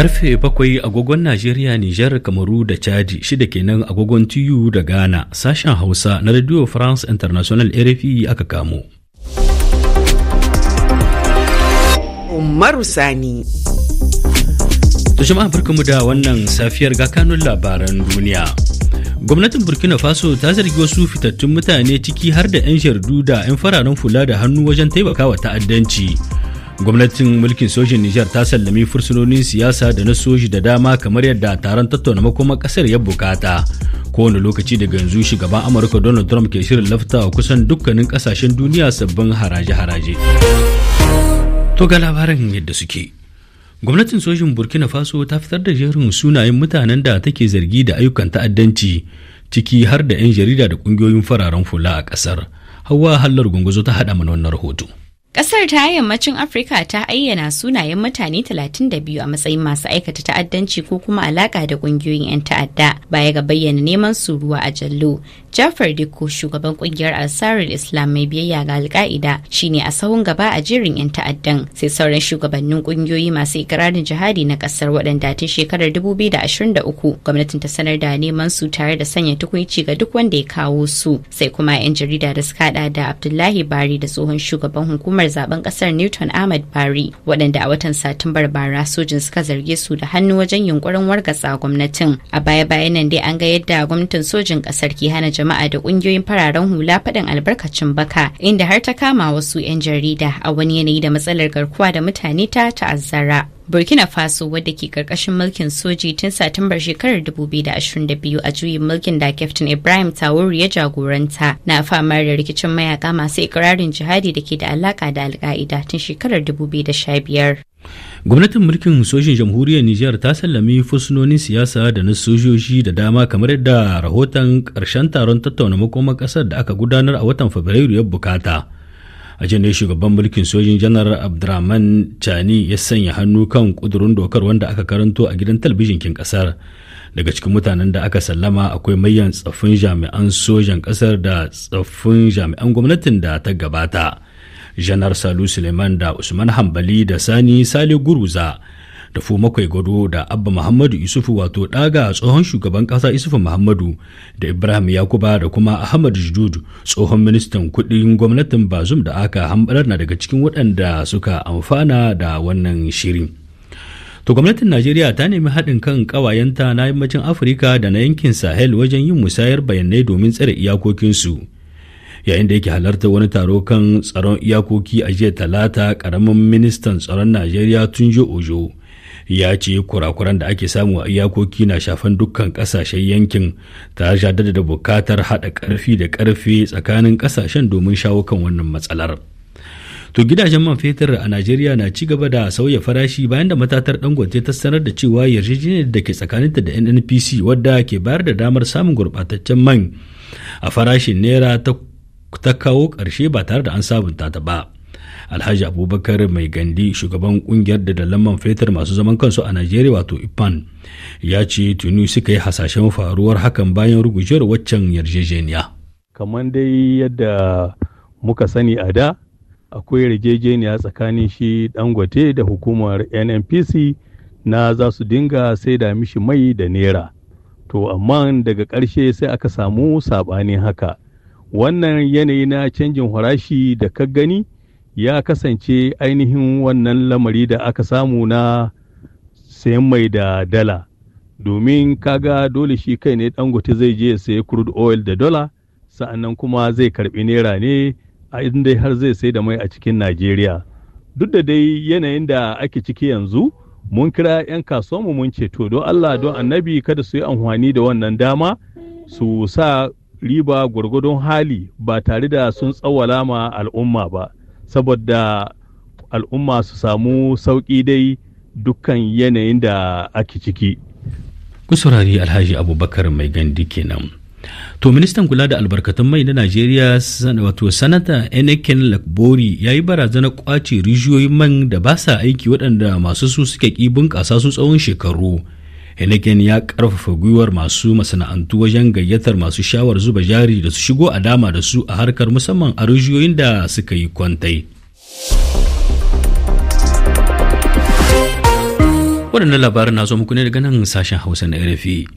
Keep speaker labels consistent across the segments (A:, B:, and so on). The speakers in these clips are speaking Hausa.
A: Karfe bakwai agogon Najeriya, Nijar, Kamaru da Chadi shida kenan agogon tiyu da Ghana sashen Hausa na Radio France International RFI aka kamo.
B: Umaru Sani.
A: jama'a barkamu da wannan safiyar ga kanun labaran duniya. Gwamnatin Burkina Faso ta zargi wasu fitattun mutane ciki har da 'yan shardu da 'yan fararen fula da hannu wajen taimakawa ta'addanci. gwamnatin mulkin sojin nijar ta sallami fursunonin siyasa da na soji da dama kamar yadda taron tattauna makoma kasar ya bukata kowane lokaci daga yanzu shugaban amurka donald trump ke shirin lafta wa kusan dukkanin kasashen duniya sabbin haraje-haraje to ga labarin yadda suke gwamnatin sojin burkina faso ta fitar da jerin sunayen mutanen da take zargi da ayyukan ta'addanci ciki har da 'yan jarida da kungiyoyin fararen fula a kasar hawa hallar gunguzo ta hada mana wannan rahoto
C: Kasar ta yammacin Afirka ta ayyana sunayen mutane 32 a matsayin masu aikata ta'addanci ko kuma alaƙa da ƙungiyoyin 'yan ta'adda baya ga bayyana neman su ruwa a jallo. Jafar Diko shugaban kungiyar Ansarul Islam mai biyayya ga Alka'ida shine a sahun gaba a jerin 'yan ta'addan sai sauran shugabannin kungiyoyi masu ikirarin jihadi na kasar waɗanda tun shekarar 2023 gwamnatin ta sanar da neman su tare da sanya tukunci ga duk wanda ya kawo su sai kuma 'yan jarida da suka hada da Abdullahi Bari da tsohon shugaban hukumar zaben kasar Newton Ahmad Bari waɗanda a watan Satumbar bara sojin suka zarge su da hannu wajen yunkurin wargatsa gwamnatin a baya-bayan nan dai an ga yadda gwamnatin sojin kasar ke hana jama'a da kungiyoyin fararen hula faɗin albarkacin baka inda har ta kama wasu 'yan jarida a wani yanayi da matsalar garkuwa da mutane ta ta'azzara. burkina faso wadda ke karkashin mulkin soji tun satumbar shekarar 2022 a juyin mulkin da captain ibrahim tawuru ya jagoranta na famar da rikicin mayaka masu ikirarin jihadi da ke da alaka da alka'ida tun shekarar 2015
A: gwamnatin mulkin sojin jamhuriyar nijar ta sallami fursunonin siyasa da na sojoji da dama kamar yadda rahoton ƙarshen taron tattauna makoman ƙasar da aka gudanar a watan fabrairu ya bukata a ne shugaban mulkin sojin janar abdurrahman chani ya sanya hannu kan kudurin dokar wanda aka karanto a gidan talbijin kin ƙasar. daga cikin mutanen da aka sallama akwai mayan tsaffin jami'an sojan ƙasar da tsaffin jami'an gwamnatin da ta gabata janar salu suleiman da usman hambali da sani sale guruza da fu makwai gado da abba muhammadu isufu wato daga tsohon shugaban kasa isufu muhammadu da ibrahim yakuba da kuma ahmad judud tsohon ministan kudin gwamnatin bazum da aka hambarar na daga cikin waɗanda suka amfana da wannan shirin to gwamnatin najeriya ta nemi haɗin kan ƙawayenta na yammacin afirka da na yankin sahel wajen yin musayar bayanai domin tsare iyakokinsu yayin da yake halarta wani taro kan tsaron iyakoki a jiya talata karamin ministan tsaron najeriya tunjo ojo ya ce kurakuran da ake samu a iyakoki na shafan dukkan kasashen yankin ta jaddada da bukatar haɗa karfi da ƙarfe tsakanin kasashen domin shawo kan wannan matsalar to gidajen man fetur a najeriya na ci gaba da sauya farashi bayan da matatar dangote ta sanar da cewa yarjejeniyar da ke tsakaninta da nnpc wadda ke bayar da damar samun gurɓataccen man a farashin naira ta ta kawo ƙarshe ba tare da an sabunta ta ba alhaji abubakar mai gandi shugaban kungiyar da dalaman fetur masu zaman kansu a najeriya wato ipan ya ce tuni suka yi hasashen faruwar hakan bayan rugujewar waccan yarjejeniya
D: kamar dai yadda muka sani a da akwai yarjejeniya tsakanin shi dangote da hukumar nnpc na za su dinga sai da mishi mai da naira to amma daga ƙarshe sai aka samu saɓanin haka wannan yanayi na canjin farashi da ka gani ya kasance ainihin wannan lamari da aka samu na sayan mai da dala domin kaga dole shi kai ne dangote zai je sayi crude oil da dala sa'annan kuma zai karbi naira ne a inda har zai sai da mai a cikin najeriya duk da dai yanayin da ake ciki yanzu mun kira 'yan kasuwanmu mun ce to don allah don annabi kada su yi amfani da wannan dama su sa riba gwargwadon hali ba tare da sun tsawala ma al'umma ba saboda al'umma su samu sauki dai dukkan yanayin da ake ciki. kusurari alhaji abubakar mai gandi kenan to ministan kula da albarkatun
A: mai na najeriya wato sanata enekin lakbori ya yi barazanar kwace rijiyoyin man da ba sa aiki waɗanda masu su suke ƙi bunƙasa su tsawon shekaru Heineken ya karfafa gwiwar masu masana'antu wajen gayyatar masu shawar zuba jari da su shigo a dama da su a harkar musamman a rijiyoyin da suka yi kwantai. Waɗannan labarin na zo muku ne daga nan sashen Hausa na RFI.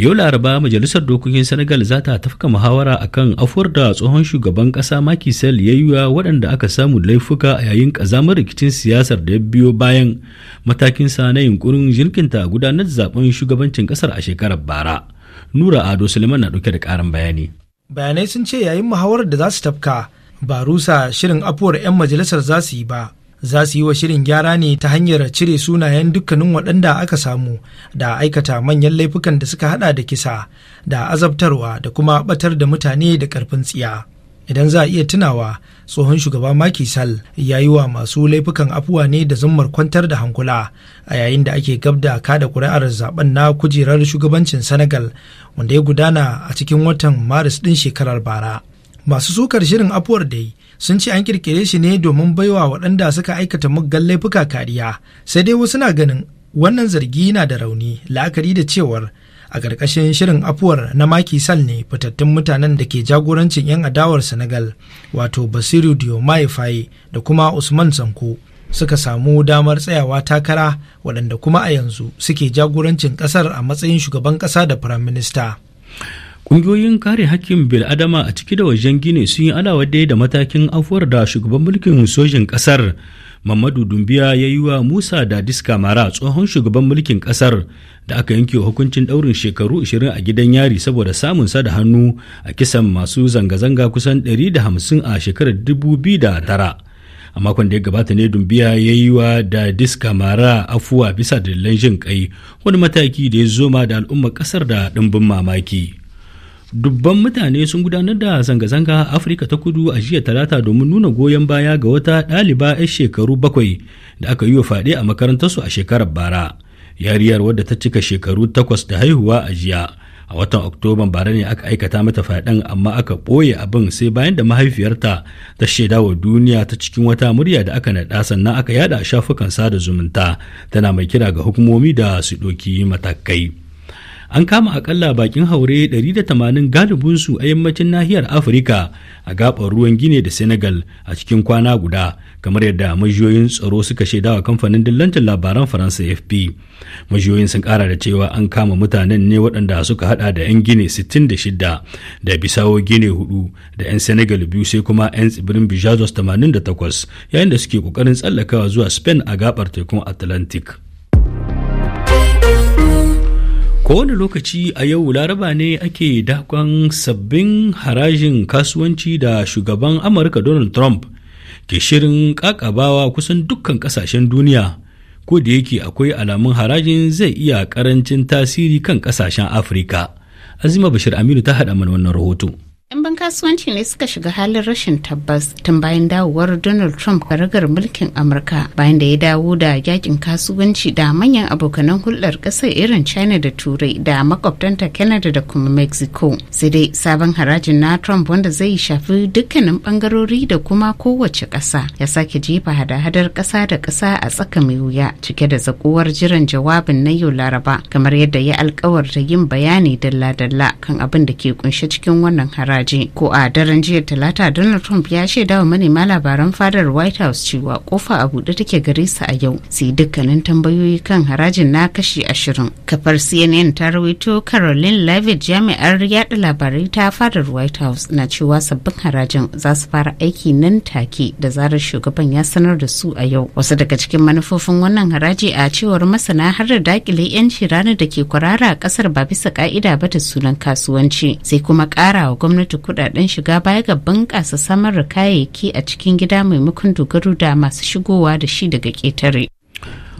A: yau laraba majalisar dokokin senegal za ta tafka muhawara a kan afuwar da tsohon shugaban kasa Macky Sall ya yi waɗanda aka samu laifuka a yayin kazamar rikicin siyasar da ya biyo bayan matakin na yunkurin jirkinta gudanar da zaben shugabancin kasar a shekarar bara nura ado suleiman na ɗauke da ƙarin bayani
B: bayanai sun ce yayin muhawarar da za su tafka ba rusa shirin afuwar 'yan majalisar za su yi ba za su yi wa shirin gyara ne ta hanyar cire sunayen dukkanin waɗanda aka samu da aikata manyan laifukan da suka hada da kisa da azabtarwa da kuma batar da mutane da ƙarfin tsiya idan za a iya tunawa tsohon shugaba Macky Sall ya yi wa masu laifukan afuwa ne da zummar kwantar da hankula a yayin da ake gab da kada ƙuri'ar zaben na kujerar shugabancin Senegal wanda ya gudana a cikin watan Maris ɗin shekarar bara. Masu sukar shirin afuwar dai sun ce an kirkire shi ne domin baiwa waɗanda suka aikata muggan laifuka kariya sai dai wasu na ganin wannan zargi na da rauni la'akari da cewar a ƙarƙashin shirin afuwar na maki sal ne fitattun mutanen da ke jagorancin 'yan adawar senegal wato basiru diomaye faye da kuma usman sanko suka samu damar tsayawa takara waɗanda kuma a yanzu suke jagorancin ƙasar a matsayin shugaban ƙasa da firaminista.
A: kungiyoyin kare hakkin bil'adama a ciki da wajen Gine sun yi dai da matakin afuwar da shugaban mulkin sojin kasar Mamadu Dumbiya ya yi wa Musa da Diska Mara tsohon shugaban mulkin kasar da aka yanke hukuncin ɗaurin shekaru 20 a gidan yari saboda samun sa da hannu a kisan masu zanga-zanga kusan 150 a shekarar 2009. a makon da ya gabata ne dumbiya ya yi wa da diska mara afuwa bisa dalilan jin kai wani mataki da ya zoma da al'ummar kasar da ɗimbin mamaki dubban mutane sun gudanar da zanga-zanga a afirka ta kudu a jiya talata domin nuna goyon baya ga wata ɗaliba 'yar shekaru bakwai da aka yi wa faɗe a makarantarsu a shekarar bara yariyar wadda ta cika shekaru takwas da haihuwa a jiya a watan oktoban bara ne aka aikata mata fyaɗen amma aka ɓoye abin sai bayan da mahaifiyarta ta shaida wa duniya ta cikin wata murya da aka naɗa sannan aka yada a shafukan sada zumunta tana mai kira ga hukumomi da su ɗoki matakai an kama akalla bakin haure 180 galibinsu a yammacin nahiyar afirka a gabar ruwan gine da senegal a cikin kwana guda kamar yadda majiyoyin tsaro suka shaida wa kamfanin dillancin labaran faransa fp majiyoyin sun kara da cewa an kama mutanen ne waɗanda suka hada da 'yan gine 66 da bisawo gine 4 da 'yan senegal biyu sai kuma 'yan tsibirin bijazos 88 yayin da suke kokarin tsallakawa zuwa spain a gabar tekun atlantic kowane lokaci a yau laraba ne ake dakon sabbin harajin kasuwanci da shugaban amurka donald trump ke shirin kakabawa kusan dukkan kasashen duniya ko da yake akwai alamun harajin zai iya karancin tasiri kan kasashen afirka azima bashir aminu ta haɗa mana wannan rahoto
E: 'yan ban kasuwanci ne suka shiga halin rashin tabbas tun bayan dawowar donald trump karagar mulkin amurka bayan da ya dawo da yakin kasuwanci da manyan abokanan hulɗar ƙasa irin china da turai da makwabtanta canada da kuma mexico sai dai sabon harajin na trump wanda zai shafi dukkanin bangarori da kuma kowace ƙasa ya sake jefa hada-hadar ƙasa da ƙasa a tsaka mai wuya cike da zakuwar jiran jawabin na yau laraba kamar yadda ya alkawarta yin bayani dalla-dalla kan abin da ke kunshe cikin wannan haraji ko a daren jiya talata donald trump ya shaida wa manema labaran fadar white house cewa kofa a bude take gare su a yau sai dukkanin tambayoyi kan harajin na kashi ashirin kafar cnn ta rawaito caroline levitt jami'ar yada labarai ta fadar white house na cewa sabbin harajin za su fara aiki nan take da zarar shugaban ya sanar da su a yau wasu daga cikin manufofin wannan haraji a cewar masana har da dakile yanci ranar da ke kwarara kasar ba bisa ka'ida ba ta sunan kasuwanci sai kuma kara wa gwamnati gwamnati kudaden shiga baya ga bunƙasa samar da kayayyaki a cikin gida maimakon dogaro da masu shigowa da shi daga ketare.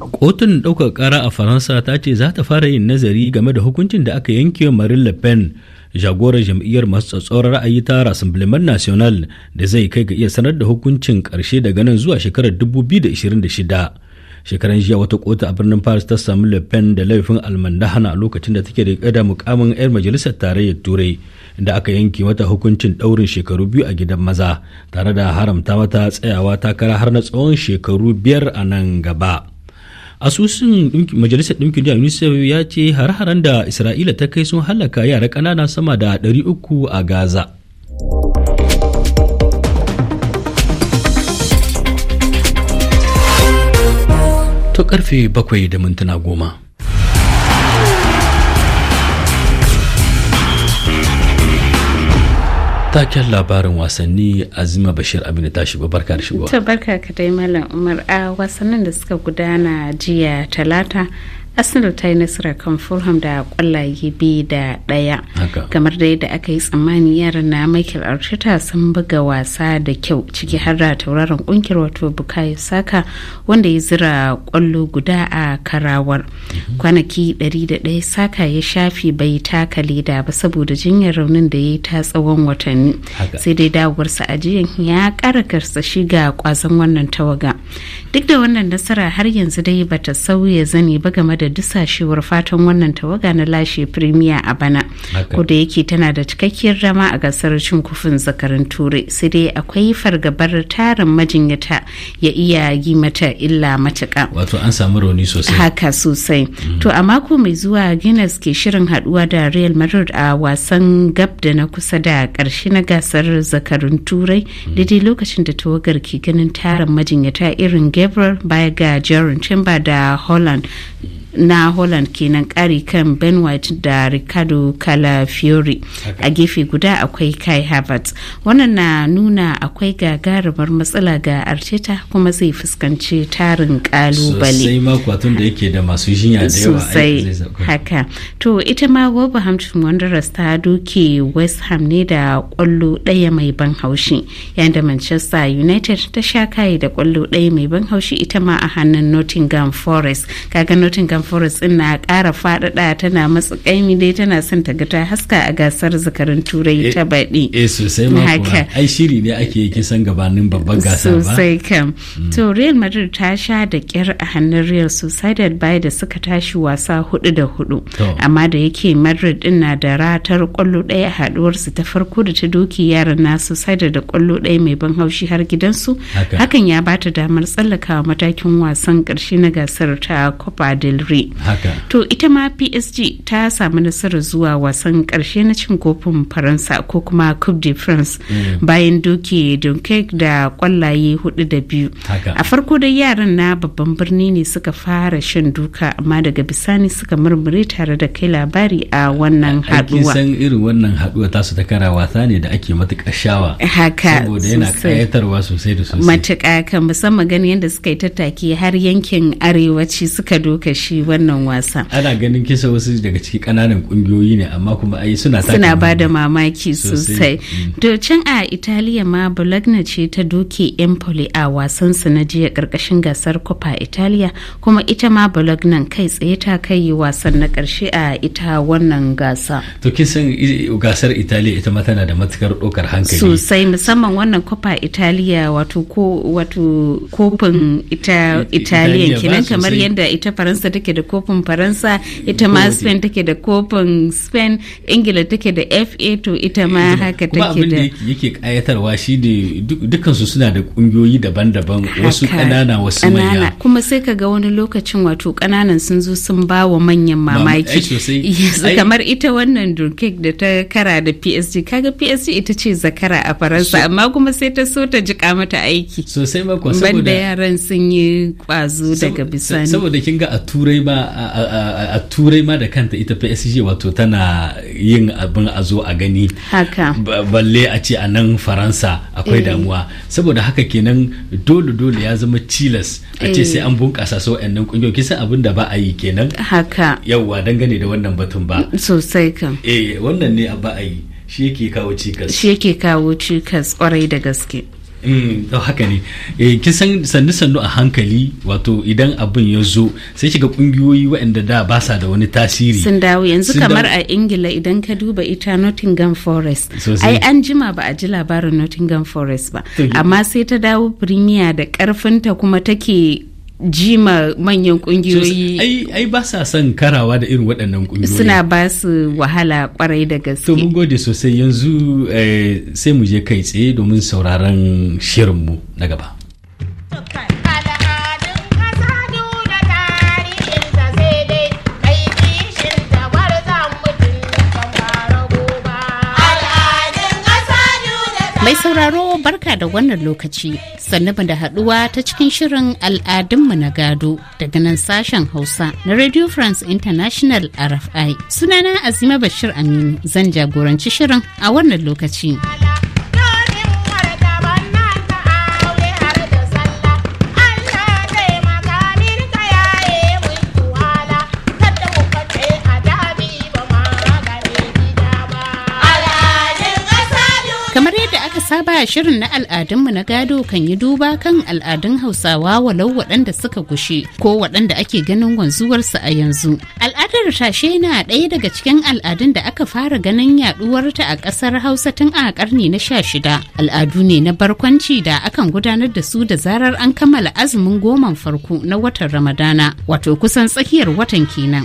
A: kotun ɗaukar kara a faransa ta ce za ta fara yin nazari game da hukuncin da aka yanke marine le pen jagorar jam'iyyar masu tsatsauran ra'ayi ta rassemblement national da zai kai ga iya sanar da hukuncin karshe daga nan zuwa shekarar 2026 shekaran jiya wata kota a birnin paris ta samu le pen da laifin almandahana lokacin da take da da mukamin 'yar majalisar tarayyar turai da aka yanke mata hukuncin daurin shekaru biyu a gidan maza tare da haramta mata tsayawa takara har na tsawon shekaru biyar a nan gaba asusun majalisar ɗinkin jihar unicef ya ce har-haren da isra'ila ta kai sun halaka yara ƙanana sama da 300 a gaza wato karfe bakwai da mintuna goma. taken labarin wasanni azima bashir Aminu ta shigo barka da shigo. ta
E: barka ka dai malam umar a wasannin da suka gudana jiya talata arsenal ta yi nasara kan fulham da kwallaye biyu da ɗaya kamar da yadda aka yi tsammani yaran na michael arteta sun buga wasa da kyau ciki har da tauraron kungiyar wato bukayo saka wanda ya zira kwallo guda a karawar mhm. kwanaki 101 saka ya shafi bai taka leda ba saboda jinyar raunin da ya yi ta tsawon watanni sai dai dawowar a jiyan ya kara karsa ga kwazon wannan tawaga duk da wannan nasara har yanzu dai bata sauya zani ba game da dusashewar fatan wannan tawaga na lashe firimiya a bana ko yake tana da cikakkiyar rama a gasar cin kufin zakarin turai sai dai akwai fargabar tarin majinyata ya iya yi mata illa matuka wato an samu rauni sosai haka sosai mm. to a mako mai zuwa guinness ke shirin haduwa da real madrid a wasan gab da na kusa da karshe na gasar zakarin turai mm. daidai lokacin da tawagar ke ganin tarin majinyata irin gabriel baya ga jaron chamber da holland na holland kenan kari kan ben white da ricardo calafiori a gefe guda akwai kai harvard wannan na nuna akwai gagarumar matsala ga arteta kuma zai fuskanci tarin kalubale sosai
A: da yake da masu jinya da yawa sosai
E: haka to ita ma wolverhampton wanderers ta doke west ham ne da kwallo daya mai ban haushi yanda manchester united ta sha kai da kwallo daya mai ban haushi ita ma a hannun nottingham forest kaga nottingham nottingham forest din na ƙara faɗaɗa tana matsa ƙaimi dai tana son ta ga ta haska a gasar zakarin turai eh, ta
A: baɗi eh sosai ma ai shiri ne ake yi kisan gabanin babban gasa ba sosai kam mm.
E: to real madrid ta sha da ƙyar a hannun real sociedad bai da suka tashi wasa hudu da hudu amma da yake madrid din na da ratar kwallo ɗaya a haɗuwarsu ta farko da ta doki yaran na da kwallo ɗaya mai ban haushi har gidansu hakan ya bata damar tsallakawa matakin wasan ƙarshe na gasar ta copa del To ita ma PSG ta samu nasara zuwa wasan karshe na cin kofin Faransa ko kuma Coupe de France mm. bayan doke Dunkirk da kwallaye hudu da biyu. A farko dai yaran na babban birni ne suka fara shan duka amma daga bisani suka murmure tare da kai labari a wannan haduwa. aikin san
A: irin wannan haduwa tasu ta kara wasa ne da ake matuƙar shawa. Haka saboda yana kayatarwa sosai da sosai.
E: matuka kan musamman ganin yadda suka yi tattaki har yankin arewaci suka doka shi wannan wasa
A: ana ganin kisa wasu daga ciki kananan kungiyoyi ne amma kuma ai suna suna ba da mamaki sosai mm.
E: to can a italiya ma bologna ce ta doke empoli a wasan su na jiya karkashin gasar Coppa italiya kuma ita ma bologna kai tsaye ta kai wasan na karshe a ita wannan gasa
A: to kisan gasar italiya ita ma tana da matukar ɗaukar hankali sosai
E: musamman wannan Coppa italiya wato ko wato kofin ita italiya kenan kamar yadda ita faransa take take da kofin faransa ita ma spain take da kofin spain ingila take da fa to ita ma haka take da abin da
A: yake kayatarwa shi ne dukansu suna da kungiyoyi daban-daban wasu kanana wasu manya
E: kuma sai ka ga wani lokacin wato kananan sun zo sun ba wa manyan mamaki kamar ita wannan durkek da ta kara da psg kaga psg ita ce zakara
A: a faransa amma
E: kuma sai ta so ta jika mata aiki
A: sosai makon saboda yaran
E: sun yi kwazo daga bisani saboda
A: kin ga a turai ma a turai ma da kanta ita psg wato tana yin abin a zo a gani balle a ce a nan faransa akwai eh. damuwa saboda haka kenan dole dole ya zama cilas a ce sai eh. an bunkasa so yan nan kungiyoyi kisan abin da ba a yi kenan haka yawwa dangane da wannan batun ba
E: sosai kan
A: eh wannan ne a ba a yi shi yake kawo cikas shi
E: yake kawo cikas kwarai da gaske
A: eh haka ne eh, kin san sannu sannu a hankali wato idan abin ya zo sai shiga kungiyoyi waɗanda da ba sa da wani tasiri sun
E: dawo yanzu kamar a ingila idan ka duba ita nottingham forest ai an jima ba a ji labarin nottingham forest ba amma sai ta dawo premier da karfinta kuma take jima manyan kungiyoyi
A: ai ba sa son karawa da irin waɗannan kungiyoyi suna
E: ba su wahala kwarai da gaske to mun
A: gode sosai yanzu eh, sai mu je kai tsaye domin sauraron shirinmu na gaba
E: Mai sauraro barka da wannan lokaci sannu da haduwa ta cikin shirin al'adunmu na gado daga nan sashen Hausa na Radio France International RFI. Sunana Azima Bashir Aminu zan jagoranci shirin a wannan lokaci. saba shirin na al'adunmu na gado kan yi duba kan al'adun Hausawa walau waɗanda suka gushe ko waɗanda ake ganin wanzuwarsu a yanzu. Al'adar tashe na ɗaya daga cikin al'adun da aka fara ganin yaɗuwarta a ƙasar Hausa tun a ƙarni na sha shida. Al'adu ne na barkwanci da akan gudanar da su da zarar an kammala azumin goman farko na watan Ramadana, wato kusan tsakiyar watan kenan.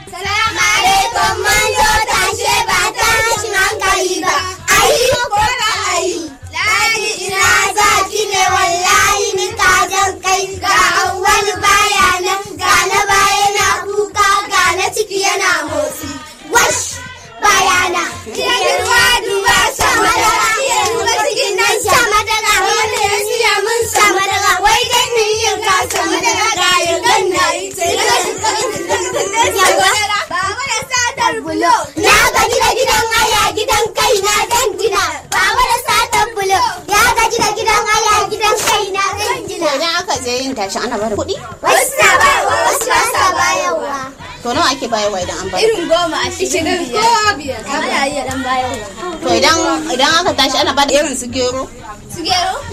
C: tashi ana bada kuɗi? Wasu
D: na bayarwa wasu ba sa bayarwa.
C: To nawa ake bayarwa idan an
E: bayar? Irin goma a
D: shirin ko biyar. Ana iya dan bayarwa.
E: To idan idan aka tashi ana bada irin su gero?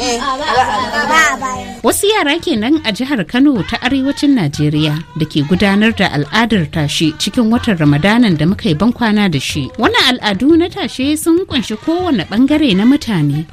E: Eh. Wasu yara kenan a jihar Kano ta arewacin Najeriya da ke gudanar da al'adar tashe cikin watan Ramadanan da muka
B: yi bankwana da shi. Wannan al'adu na tashe sun kunshi kowane bangare na mutane